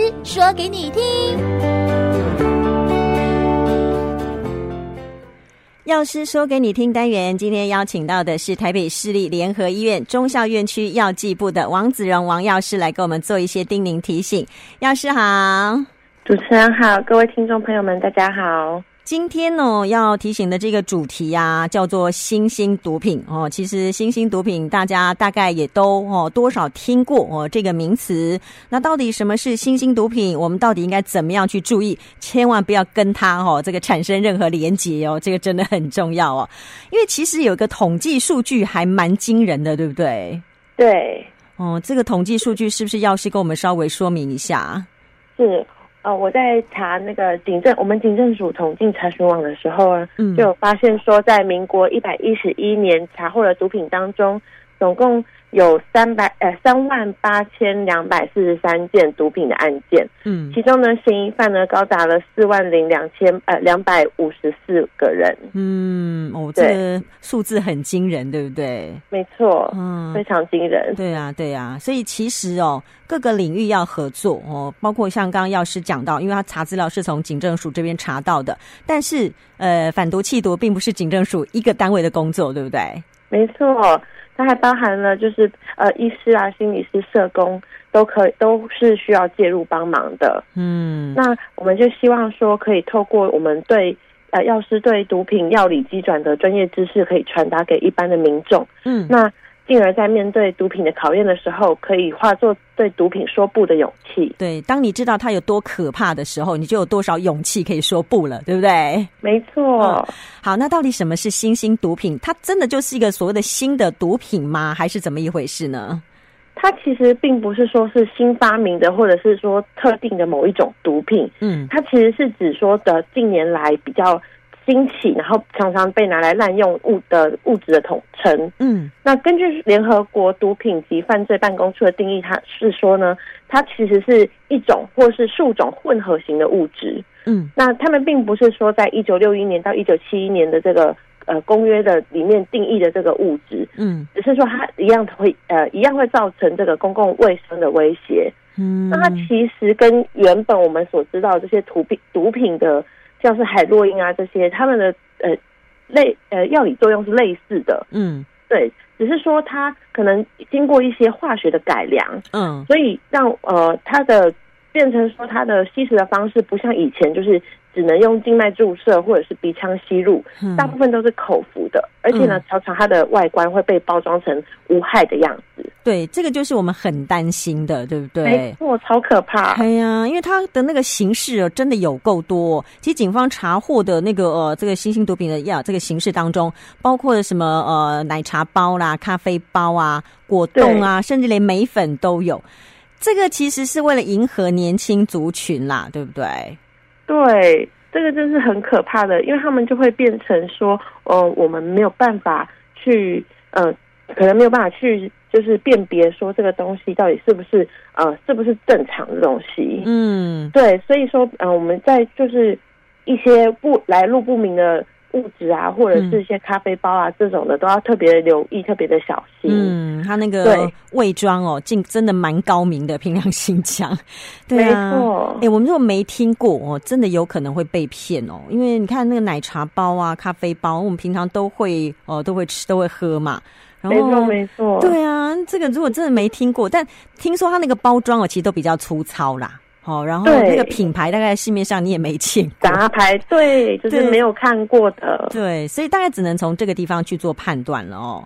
師說給你聽，藥師說給你聽單元，今天邀請到的是台北市立聯合醫院忠孝院區藥劑部的王梓容王藥師，來給我們做一些叮嚀提醒。藥師好，主持人好，各位聽眾朋友們，大家好。今天呢，哦，要提醒的這個主題啊，叫做新興毒品哦。其實新興毒品，大家大概也都哦多少聽過哦這個名詞。那到底什麼是新興毒品？我們到底應該怎麼樣去注意？千萬不要跟它哦這個產生任何連結哦。這個真的很重要哦，因為其實有一個統計數據還蠻驚人的，對不對？對。哦，這個統計數據是不是要是跟我們稍微說明一下？是。我在查那個警政，我們警政署統計查詢網的時候啊，就有發現說，在民國一百一十一年查獲的毒品當中，總共，有三百呃三萬八千兩百四十三件毒品的案件，嗯，其中呢，嫌疑犯呢高達了四萬零兩千呃兩百五十四個人，嗯，哦，這個數字很驚人，對不對？沒錯，嗯，非常驚人，對啊，對啊，所以其實哦，各個領域要合作哦，包括像剛剛藥師講到，因為他查資料是從警政署這邊查到的，但是呃，反毒、緝毒並不是警政署一個單位的工作，對不對？沒錯。它還包含了，就是呃，醫師啊、心理師、社工，都可都是需要介入幫忙的。嗯，那我們就希望說，可以透過我們對呃藥師對毒品藥理機轉的專業知識，可以傳達給一般的民眾。嗯，那。進而，在面對毒品的考驗的時候，可以化作對毒品說不的勇氣。對，當你知道它有多可怕的時候，你就有多少勇氣可以說不了，對不對？沒錯。哦。好，那到底什麼是新興毒品？它真的就是一個所謂的新的毒品嗎？還是怎麼一回事呢？它其實並不是說是新發明的，或者是說特定的某一種毒品。嗯，它其實是指說的近年來比較。興起，然後常常被拿來濫用物的物質的統稱。嗯，那根據聯合國毒品及犯罪辦公處的定義，它是說呢，它其實是一種或是數種混合型的物質。嗯，那他們並不是說在一九六一年到一九七一年的這個呃公約的裡面定義的這個物質。嗯，只是說它一樣會呃一樣會造成這個公共衛生的威脅。嗯，那它其實跟原本我們所知道的這些毒品毒品的像是海洛因啊，這些它們的呃類呃藥理作用是類似的，嗯，對，只是說它可能經過一些化學的改良，嗯，所以讓呃它的變成說它的吸食的方式不像以前就是。只能用靜脈注射或者是鼻腔吸入、嗯，大部分都是口服的，而且呢，常、嗯、常它的外觀會被包裝成無害的樣子。對，這個就是我們很擔心的，對不對？哎，我超可怕。哎呀，因為它的那個形式哦，真的有夠多，哦。其實警方查獲的那個呃，這個新興毒品的藥，這個形式當中包括什麼呃，奶茶包啦、咖啡包啊、果凍啊，甚至連眉粉都有。這個其實是為了迎合年輕族群啦，對不對？對，這個真是很可怕的，因為他們就會變成說，呃、哦，我們沒有辦法去，呃，可能沒有辦法去，就是辨別說這個東西到底是不是啊、呃，是不是正常的東西。嗯，對，所以說，嗯、呃，我們在就是一些不來路不明的。物質啊，或者是一些咖啡包啊、嗯、這種的，都要特別的留意，嗯、特別的小心。嗯，他那個偽裝哦、喔，竟真的蠻高明的，憑良心講。對啊，誒、欸、我們如果沒聽過哦，真的有可能會被騙哦、喔。因為你看那個奶茶包啊、咖啡包，我們平常都會哦、呃，都會吃、都會喝嘛。沒錯，沒錯。對啊，這個如果真的沒聽過，但聽說他那個包裝哦、喔，其實都比較粗糙啦。哦，然後那個品牌大概市面上你也沒見過雜牌。對，對，就是沒有看過的，對，所以大概只能從這個地方去做判斷了哦。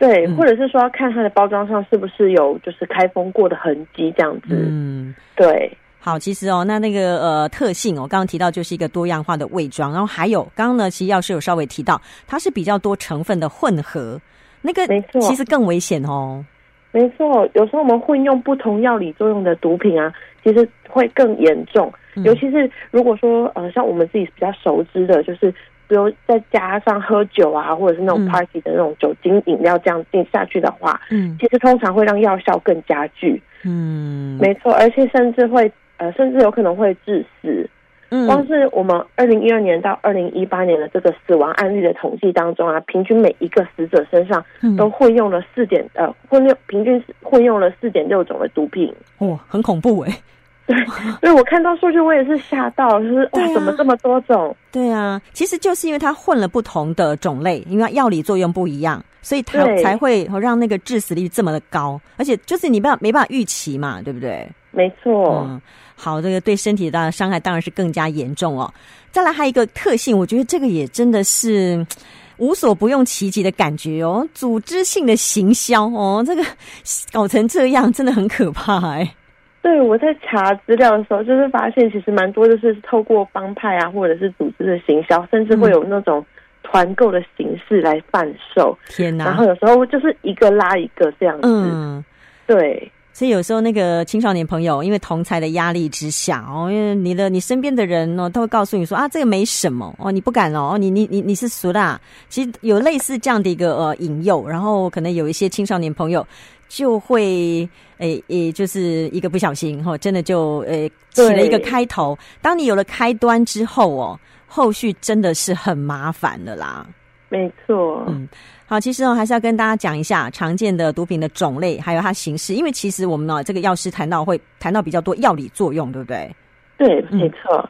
對，或者是說要看它的包裝上是不是有就是開封過的痕跡這樣子。嗯，對。好，其實哦，那那個呃特性我、哦、剛剛提到就是一個多樣化的偽裝，然後還有剛剛呢，其實藥師有稍微提到它是比較多成分的混合，那個沒錯，其實更危險哦。沒錯，有時候我們混用不同藥理作用的毒品啊，其實會更嚴重，嗯。尤其是如果說呃，像我們自己比較熟知的，就是比如再加上喝酒啊，或者是那種 party 的那種酒精飲料這樣進下去的話，嗯，其實通常會讓藥效更加劇。嗯，沒錯，而且甚至會呃，甚至有可能會致死。嗯，光是我們二零一二年到二零一八年的這個死亡案例的統計當中啊，平均每一個死者身上都混用了四點、嗯、呃混六平均混用了四點六種的毒品，哇、哦，很恐怖哎！對，我看到數據我也是嚇到，就是、啊、哇，怎麼這麼多種？對啊，其實就是因為它混了不同的種類，因為藥理作用不一樣，所以它才會讓那個致死率這麼的高，而且就是你沒辦法預期嘛，對不對？沒錯，嗯，好，這個對身體的傷害當然是更加嚴重哦。再來還有一個特性，我覺得這個也真的是無所不用其極的感覺哦。組織性的行銷哦，這個搞成這樣真的很可怕哎。對，我在查資料的時候，就是發現其實蠻多就是透過幫派啊，或者是組織的行銷，甚至會有那種團購的形式來販售。天哪！然後有時候就是一個拉一個這樣子，嗯，對。所以有時候那個青少年朋友，因為同儕的壓力之下哦，因為你的你身邊的人呢、哦，都會告訴你說啊，這個沒什麼哦，你不敢哦，哦你你你你是俗啦、啊。其實有類似這樣的一個呃引誘，然後可能有一些青少年朋友就會誒誒、欸欸，就是一個不小心哈、哦，真的就誒、欸、起了一個開頭。當你有了開端之後哦，後續真的是很麻煩的啦。沒錯，嗯，好，其實哦，還是要跟大家講一下常見的毒品的種類，還有它形式，因為其實我們呢，這個藥師談到會談到比較多藥理作用，對不對？對，沒錯。嗯、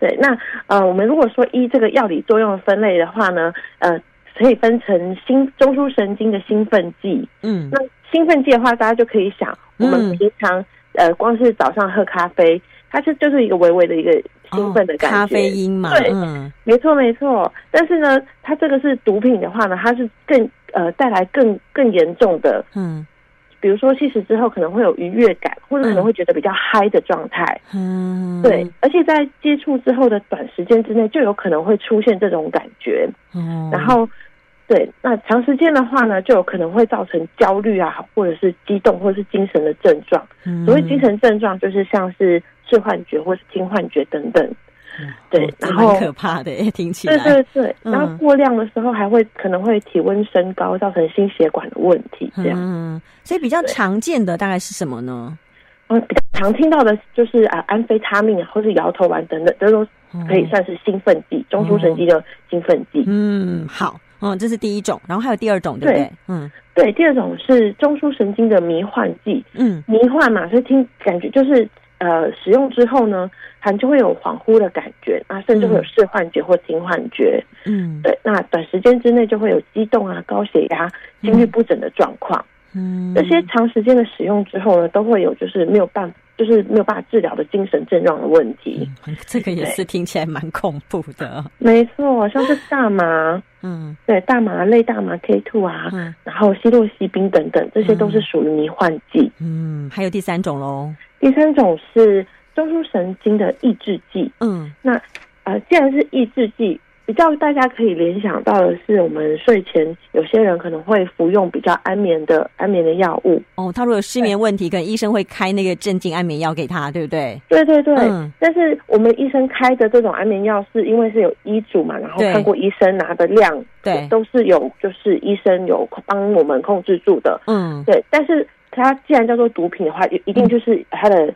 對，那呃，我們如果說依這個藥理作用分類的話呢，呃，可以分成興中樞神經的興奮劑，嗯，那興奮劑的話，大家就可以想，我們平常、嗯、呃，光是早上喝咖啡，它是就，就是一個微微的一個。oh, 興奮的感覺，咖啡因嘛，對，嗯、沒錯沒錯。但是呢，它這個是毒品的話呢，它是更呃帶來更更嚴重的，嗯，比如說吸食之後可能會有愉悅感，或者可能會覺得比較嗨的狀態，嗯，對，而且在接觸之後的短時間之內就有可能會出現這種感覺，嗯，然後。對，那長時間的話呢，就有可能會造成焦慮啊，或者是激動，或者是精神的症狀。嗯、所謂精神症狀，就是像是視幻覺或者聽幻覺等等。嗯、對，然後可怕的，聽起來。對對對，對、嗯，然後過量的時候，還會可能會體溫升高，造成心血管的問題。這樣、嗯，所以比較常見的大概是什麼呢？嗯，比較常聽到的就是啊，安非他命啊，或是搖頭丸等等，這都可以算是興奮劑，嗯、中樞神經的興奮劑。嗯，嗯，好。嗯，這是第一種，然後還有第二種，對，對不對？嗯，對，第二種是中樞神經的迷幻劑，嗯，迷幻嘛，所以聽感覺就是呃，使用之後呢，它就會有恍惚的感覺啊，甚至會有視幻覺或聽幻覺，嗯，對，那短時間之內就會有激動啊、高血壓、心律不整的狀況，嗯，這些長時間的使用之後呢，都會有就是沒有辦法。就是沒有辦法治療的精神症狀的問題，嗯，這個也是聽起來蠻恐怖的。沒錯，像是大麻，嗯，對，大麻類大麻 K2 啊，嗯，然後西洛西賓等等，這些都是屬於迷幻劑。嗯，還有第三種嘍，第三種是中樞神經的抑制劑。嗯，那呃，既然是抑制劑。比較大家可以聯想到的是，我們睡前有些人可能會服用比較安眠的安眠的藥物。哦，他如果有失眠問題，可能醫生會開那個鎮靜安眠藥給他，對不對？對對對、嗯。但是我們醫生開的這種安眠藥，是因為是有醫囑嘛，然後看過醫生拿的量，對，都是有就是醫生有幫我們控制住的。嗯，對。但是它既然叫做毒品的話，一定就是它的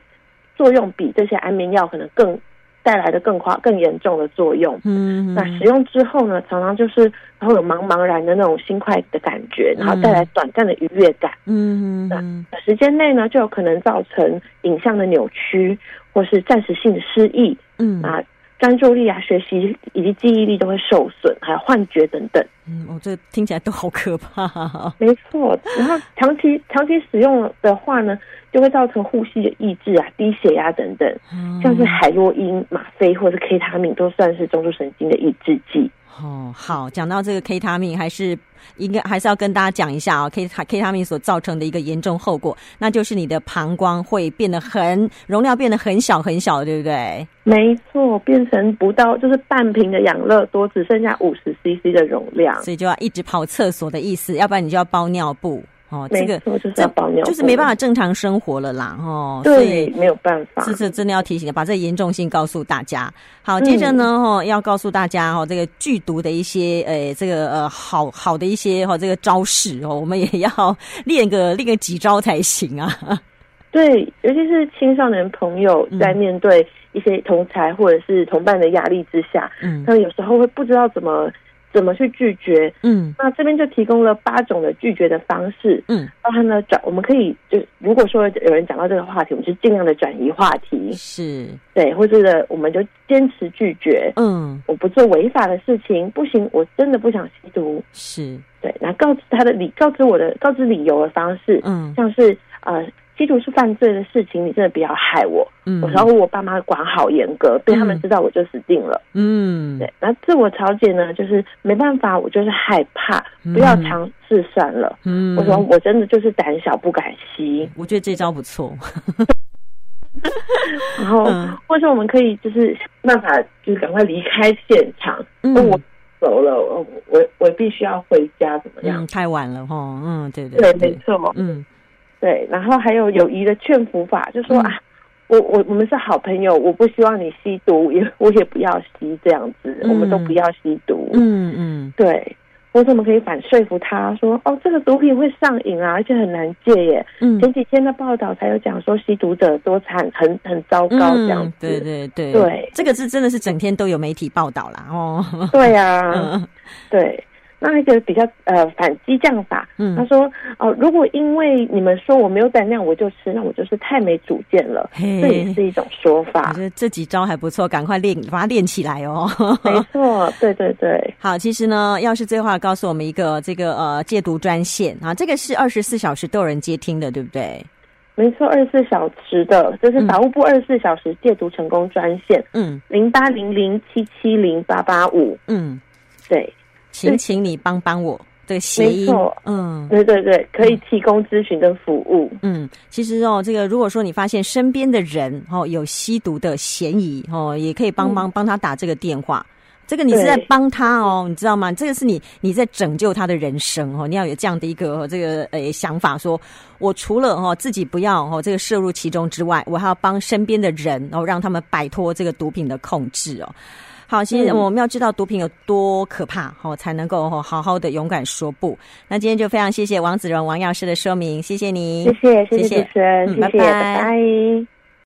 作用比這些安眠藥可能更。帶來的更快更嚴重的作用，嗯，那使用之後呢，常常就是會有茫茫然的那種欣快的感覺，然後帶來短暫的愉悅感，嗯嗯，那時間內呢，就有可能造成影像的扭曲或是暫時性的失憶，嗯啊。專注力啊，學習以及記憶力都會受損，還有幻覺等等。嗯，我、哦、這聽起來都好可怕啊。沒錯，然後長期長期使用的話呢，就會造成呼吸的抑制啊，低血壓等等。嗯，像是海洛因、嗎、嗯、啡或者是 K 他命，都算是中樞神經的抑制劑。哦，好，講到這個 K 他命，還是應該還是要跟大家講一下啊、哦。K 他 K 他命所造成的一個嚴重後果，那就是你的膀胱會變得很容量變得很小很小，對不對？沒錯，變成不到就是半瓶的養樂多，只剩下五十 CC 的容量，所以就要一直跑廁所的意思，要不然你就要包尿布。哦，這個就是要保就是沒辦法正常生活了啦。哦，對，所以沒有辦法。這次真的要提醒，把這個嚴重性告訴大家。好，接着呢、嗯，哦，要告訴大家，哦，這個拒毒的一些，誒、哎，這個呃，好好的一些，哈、哦，這個招式，哦，我們也要練個練個幾招才行啊。對，尤其是青少年朋友在面對一些同儕或者是同伴的壓力之下，嗯，他們有時候會不知道怎麼。怎麼去拒絕？嗯，那這邊就提供了八種的拒絕的方式。嗯，然後呢，轉，我們可以就是，如果說有人講到這個話題，我們就盡量的轉移話題。是對，或者是我們就堅持拒絕。嗯，我不做違法的事情，不行，我真的不想吸毒。是對，然後告知他的理，告知我的告知理由的方式。嗯，像是啊。呃吸毒是犯罪的事情，你真的不要害我。嗯，然後我爸媽管好嚴格，被他們知道我就死定了。嗯，對。那自我調節呢？就是沒辦法，我就是害怕，不要嘗試算了。嗯，我說我真的就是膽小不敢吸。我覺得這招不錯。 然後，嗯、或者我們可以就是想辦法，就是趕快離開現場。嗯，我走了，我我我必須要回家，怎麼樣？嗯、太晚了哈。嗯，對對對，對沒錯。嗯。對，然後還有友誼的勸服法，就說、嗯、啊，我我我們是好朋友，我不希望你吸毒，我也我也不要吸，這樣子、嗯，我們都不要吸毒。嗯嗯，對，我怎麼可以反說服他說，哦，這個毒品會上癮啊，而且很難戒耶。嗯，前幾天的報道才有講說，吸毒者多慘，很很糟糕這樣子。嗯、對對對對，這個是真的是整天都有媒體報道啦。哦。對啊，嗯、對。那那個比較呃反激將法，嗯，他說哦，如果因為你們說我沒有膽量，我就吃，是，那我就是太沒主見了。這也是一種說法。我覺得這幾招還不錯，趕快練，把它練起來哦。 沒錯，對，對對對。好，其實呢，要是這話告訴我們一個這個呃戒毒專線啊，這個是二十四小時都有人接聽的，對不對？沒錯，二十四小時的，就是法務部二十四小時戒毒成功專線，嗯，零八零零七七零八八五，嗯，對。請，請你幫幫我、嗯，這個諧音，嗯，對對對，可以提供諮詢的服務，嗯，其實哦，這個如果說你發現身邊的人哦有吸毒的嫌疑哦，也可以幫幫幫他打這個電話，這個你是在幫他哦，你知道嗎？這個是你你在拯救他的人生哦，你要有這樣的一個、哦、這個呃、欸、想法說，說我除了哈、哦、自己不要哈、哦、這個涉入其中之外，我還要幫身邊的人哦，讓他們擺脫這個毒品的控制哦。好，其實我們要知道毒品有多可怕，好、哦、才能夠、哦、好好的勇敢說不。那今天就非常謝謝王梓容王藥師的說明，謝謝你，謝謝謝謝主持人、嗯、拜拜謝謝，拜拜。